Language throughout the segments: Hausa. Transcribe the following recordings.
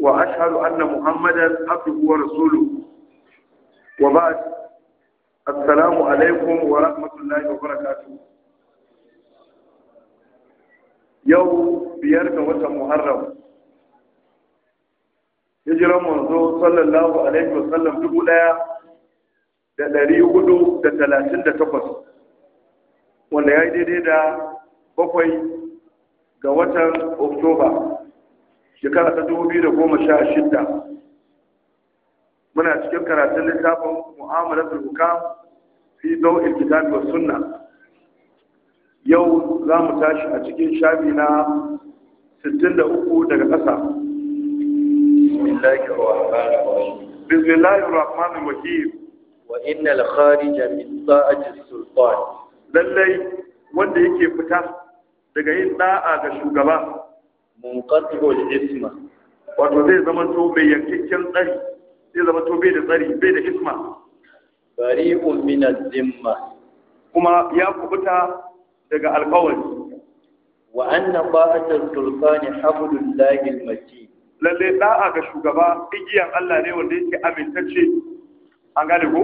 وأشهد أن محمدا عبده ورسوله وبعد السلام عليكم ورحمة الله وبركاته يوم بيرك وتمهرم hijiran manzo sallallahu alaihi wasallam dubu ɗaya da ɗari hudu da talatin da takwas wanda ya yi daidai da bakwai ga watan oktoba shekara ta dubu biyu da goma sha shida muna cikin karatun littafin mu'amalatul hukam fi dawil kitabi wa sunna yau za mu tashi a cikin shafi na 63 daga ƙasa bismillahir rahmanir rahim wa innal kharija min ta'ati sultan lallai wanda yake fita daga yin da'a ga shugaba munqati'ul isma wato zai zama to bai yankakken tsari zai zama to bai da tsari bai da isma bari'un min az-zimma kuma ya kubuta daga alƙawari wa anna ba'atul sultani hablul lahi al-matin lalle da'a ga shugaba igiyan Allah ne wanda yake amintacce an gane ko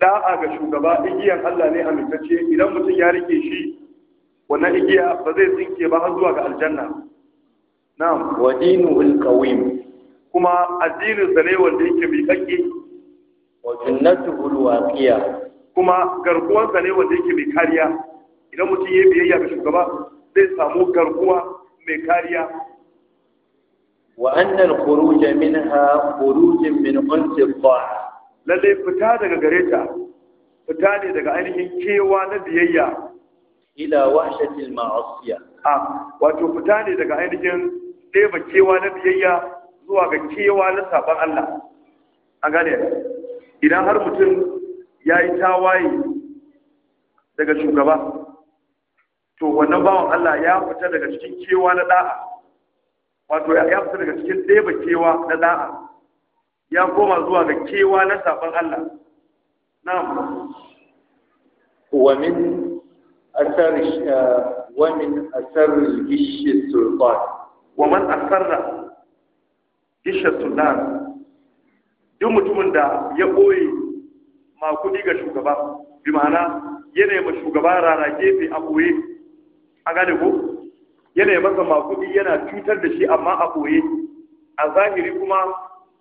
da'a ga shugaba igiyan Allah ne amintacce idan mutum ya rike shi wannan igiya ba zai tsinke ba har zuwa ga aljanna na'am wa dinuhul qawim kuma addinin sa wanda yake mai kakke wa jannatuhul waqiya kuma garkuwar sa wanda yake mai kariya idan mutum yayi biyayya ga shugaba zai samu garkuwa mai kariya wa anna al-khuruj minha khuruj min unsi ta'a lalle fita daga gare ta fita ne daga ainihin kewa na biyayya ila wahshatil ma'asiya a wato fita ne daga ainihin ɗeba kewa na biyayya zuwa ga kewa na sabon Allah a gane idan har mutum ya yi tawaye daga shugaba to wannan bawan Allah ya fita daga cikin kewa na da'a wato ya fita daga cikin ɗeba kewa na da'a ya koma zuwa ga kewa na sabon Allah na'am wa min asar eh, wa min asar gishi sultan wa man asarra dishatun nar duk mutumin da ya ɓoye makudi ga shugaba bi ma'ana yana ma shugaba rara gefe a ɓoye a gane ko yana masa makudi yana cutar da shi amma a ɓoye a zahiri kuma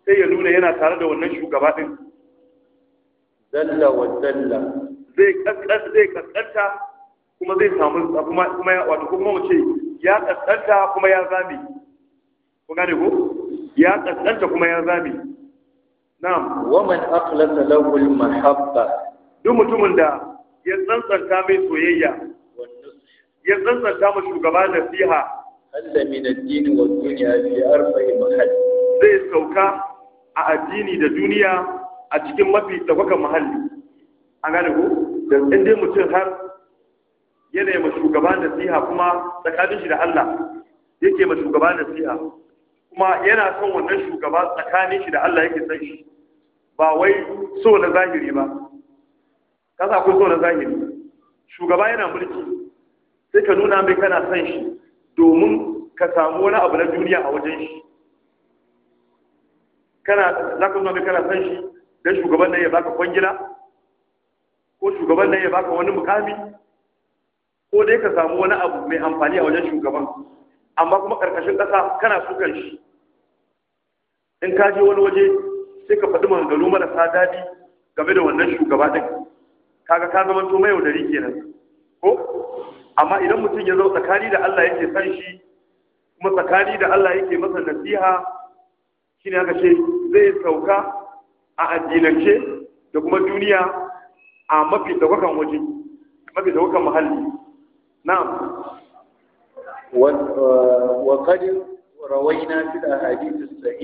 sai ya nuna yana tare da wannan shugaba din. dalla wa dalla zai kaskanta zai kaskanta kuma zai samu kuma kuma wato kuma mu ce ya kaskanta kuma ya zami. ku gane ku. ya kaskanta kuma ya zami. na'am wa man akhlasa lahu mahabba duk mutumin da ya tsantsanta mai soyayya ya tsantsanta mai shugaba nasiha Allah min ad-din wa dunya fi arfa'i mahall zai sauka a addini da duniya a cikin mafi tsakwaka mahalli an gane ku da inda mutum har yana yi ma shugaba nasiha kuma tsakanin shi da Allah yake ma shugaba nasiha kuma yana son wannan shugaba tsakanin shi da Allah yake son shi ba wai so na zahiri ba kasa ku so na zahiri shugaba yana mulki sai ka nuna mai kana son shi domin ka samu wani abu na duniya a wajen shi kana za ka nuna mai kana son shi dan shugaban nan ya baka kwangila ko shugaban nan ya baka wani mukami ko dai ka samu wani abu mai amfani a wajen shugaban amma kuma karkashin ƙasa kana sukan shi in ka je wani waje sai ka faɗi maganganu marasa daɗi game da wannan shugaba ɗin kaga ka zama to mayaudari kenan ko amma idan mutum ya zama tsakani da Allah yake san shi kuma tsakani da Allah yake masa nasiha ne aka ce zai sauka a addinance da kuma duniya a mafi ɗaukakan waje mafi ɗaukakan muhalli na'am wa qad rawaina fil ahadith